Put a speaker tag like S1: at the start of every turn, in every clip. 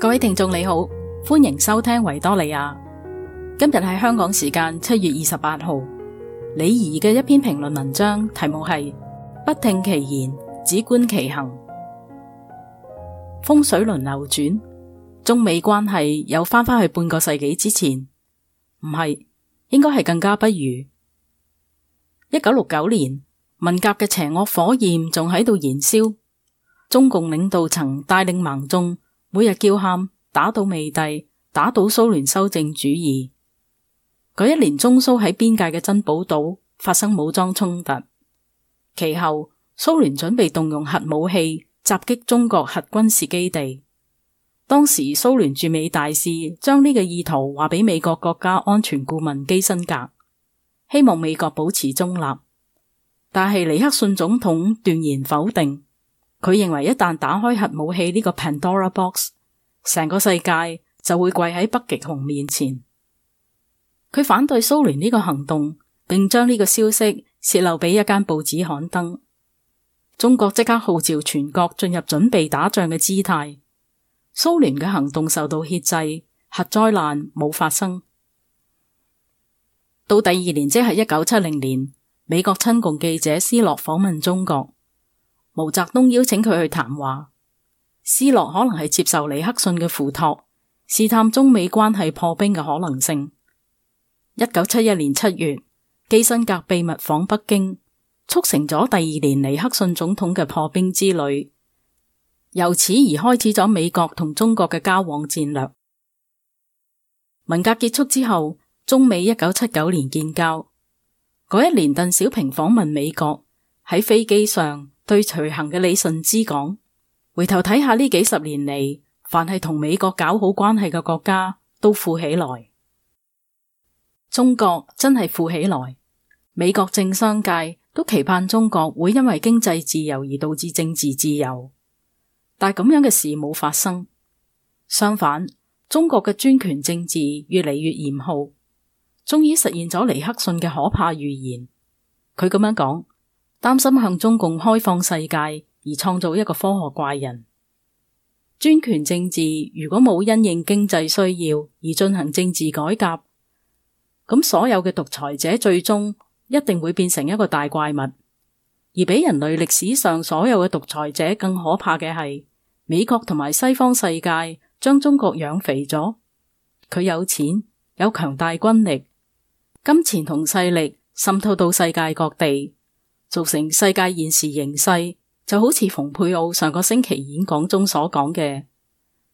S1: 各位聽眾你好，歡迎收聽維多利亞。今日係香港時間七月二十八號，李怡嘅一篇評論文章，題目係不聽其言，只觀其行。風水輪流轉，中美關係又翻返去半個世紀之前，唔係，應該係更加不如。一九六九年，文革嘅邪惡火焰仲喺度燃燒。中共領導層帶領盲眾每日叫喊，打倒美帝，打倒蘇聯修正主義。嗰一年，中蘇喺邊界嘅珍寶島發生武裝衝突，其後蘇聯準備動用核武器。襲擊中國核軍事基地，當時蘇聯駐美大使將呢個意圖話俾美國國家安全顧問基辛格，希望美國保持中立，但係尼克遜總統斷言否定，佢認為一旦打開核武器呢個 Pandora Box，成個世界就會跪喺北極熊面前。佢反對蘇聯呢個行動，並將呢個消息洩漏俾一間報紙刊登。中國即刻號召全國進入準備打仗嘅姿態。蘇聯嘅行動受到遏制，核災難冇發生。到第二年，即係一九七零年，美國親共記者斯洛訪問中國，毛澤東邀請佢去談話。斯洛可能係接受尼克遜嘅付託，試探中美關係破冰嘅可能性。一九七一年七月，基辛格秘密訪北京。促成咗第二年尼克遜總統嘅破冰之旅，由此而開始咗美國同中國嘅交往戰略。文革結束之後，中美一九七九年建交。嗰一年，鄧小平訪問美國，喺飛機上對隨行嘅李慎之講：回頭睇下呢幾十年嚟，凡係同美國搞好關係嘅國家都富起來。中國真係富起來，美國政商界。都期盼中國會因為經濟自由而導致政治自由，但係咁樣嘅事冇發生。相反，中國嘅專權政治越嚟越嚴酷，終於實現咗尼克遜嘅可怕預言。佢咁樣講，擔心向中共開放世界而創造一個科學怪人。專權政治如果冇因應經濟需要而進行政治改革，咁所有嘅獨裁者最終。一定會變成一個大怪物，而比人類歷史上所有嘅獨裁者更可怕嘅係美國同埋西方世界將中國養肥咗，佢有錢有強大軍力，金錢同勢力滲透到世界各地，造成世界現時形勢就好似蓬佩奧上個星期演講中所講嘅，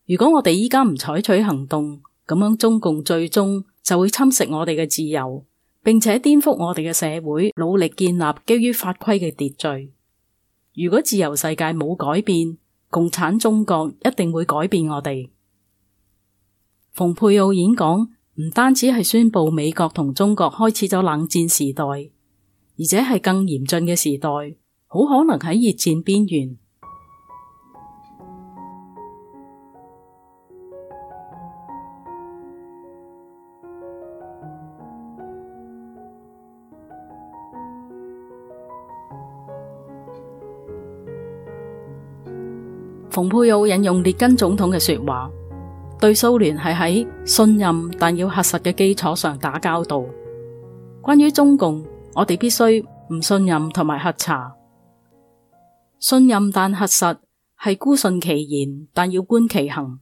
S1: 如果我哋依家唔採取行動，咁樣中共最終就會侵蝕我哋嘅自由。並且顛覆我哋嘅社會，努力建立基於法規嘅秩序。如果自由世界冇改變，共產中國一定會改變我哋。蓬佩奧演講唔單止係宣布美國同中國開始咗冷戰時代，而且係更嚴峻嘅時代，好可能喺熱戰邊緣。蓬佩奧引用列根總統嘅說話，對蘇聯係喺信任但要核實嘅基礎上打交道。關於中共，我哋必須唔信任同埋核查。信任但核實係姑信其言，但要觀其行。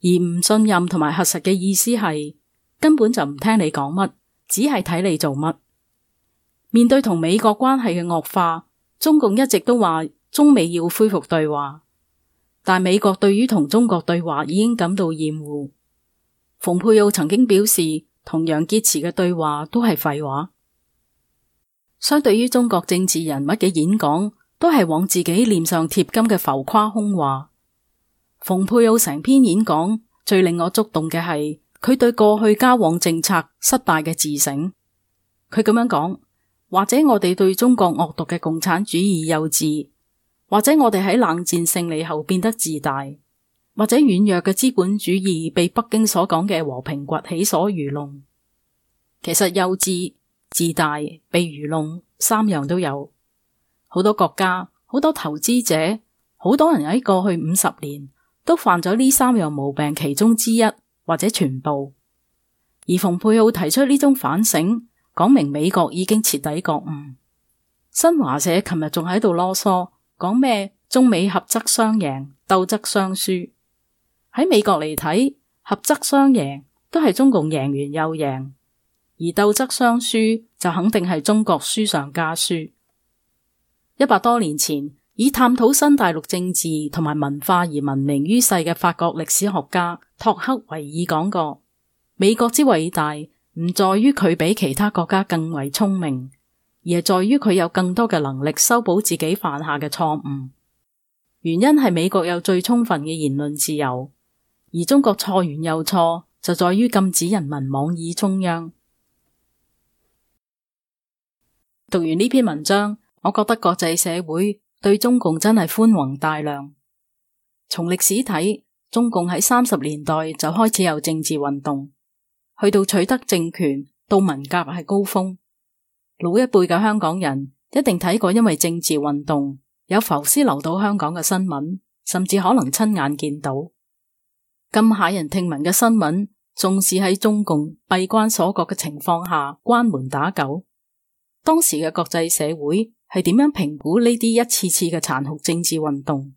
S1: 而唔信任同埋核實嘅意思係根本就唔聽你講乜，只係睇你做乜。面對同美國關係嘅惡化，中共一直都話中美要恢復對話。但美國對於同中國對話已經感到厭惡。蓬佩奧曾經表示，同楊潔篪嘅對話都係廢話。相對於中國政治人物嘅演講，都係往自己臉上貼金嘅浮誇空話。蓬佩奧成篇演講最令我觸動嘅係佢對過去交往政策失敗嘅自省。佢咁樣講，或者我哋對中國惡毒嘅共產主義幼稚。或者我哋喺冷戰勝利後變得自大，或者軟弱嘅資本主義被北京所講嘅和平崛起所愚弄。其實幼稚、自大、被愚弄三樣都有，好多國家、好多投資者、好多人喺過去五十年都犯咗呢三樣毛病其中之一或者全部。而蓬佩奧提出呢種反省，講明美國已經徹底覺悟。新華社琴日仲喺度囉嗦。講咩？中美合則雙贏，鬥則雙輸。喺美國嚟睇，合則雙贏都係中共贏完又贏，而鬥則雙輸就肯定係中國輸上加輸。一百多年前，以探討新大陸政治同埋文化而聞名於世嘅法國歷史學家托克維爾講過：美國之偉大唔在於佢比其他國家更為聰明。而在於佢有更多嘅能力修補自己犯下嘅錯誤，原因係美國有最充分嘅言論自由，而中國錯完又錯，就在於禁止人民妄議中央。 讀完呢篇文章，我覺得國際社會對中共真係寬宏大量。從歷史睇，中共喺三十年代就開始有政治運動，去到取得政權，到文革係高峰。老一輩嘅香港人一定睇過，因為政治運動有浮屍流到香港嘅新聞，甚至可能親眼見到咁駭人聽聞嘅新聞。縱使喺中共閉關鎖國嘅情況下關門打狗，當時嘅國際社會係點樣評估呢啲一次次嘅殘酷政治運動？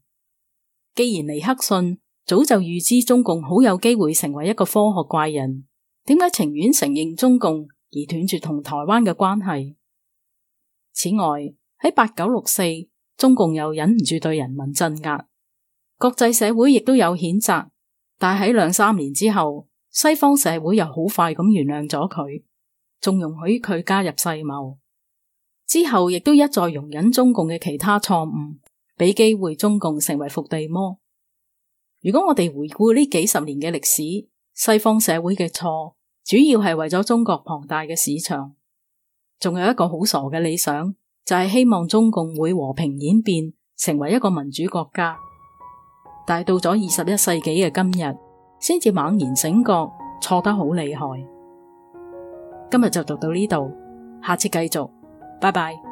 S1: 既然尼克遜早就預知中共好有機會成為一個科學怪人，點解情願承認中共？而斷絕同台灣嘅關係。此外，喺八九六四，中共又忍唔住對人民鎮壓，國際社會亦都有譴責。但喺兩三年之後，西方社會又好快咁原諒咗佢，仲容許佢加入世貿。之後亦都一再容忍中共嘅其他錯誤，俾機會中共成為伏地魔。如果我哋回顧呢幾十年嘅歷史，西方社會嘅錯。主要係為咗中國龐大嘅市場，仲有一個好傻嘅理想，就係希望中共會和平演變成為一個民主國家。但係到咗二十一世紀嘅今日，先至猛然醒覺錯得好厲害。今日就讀到呢度，下次繼續，拜拜。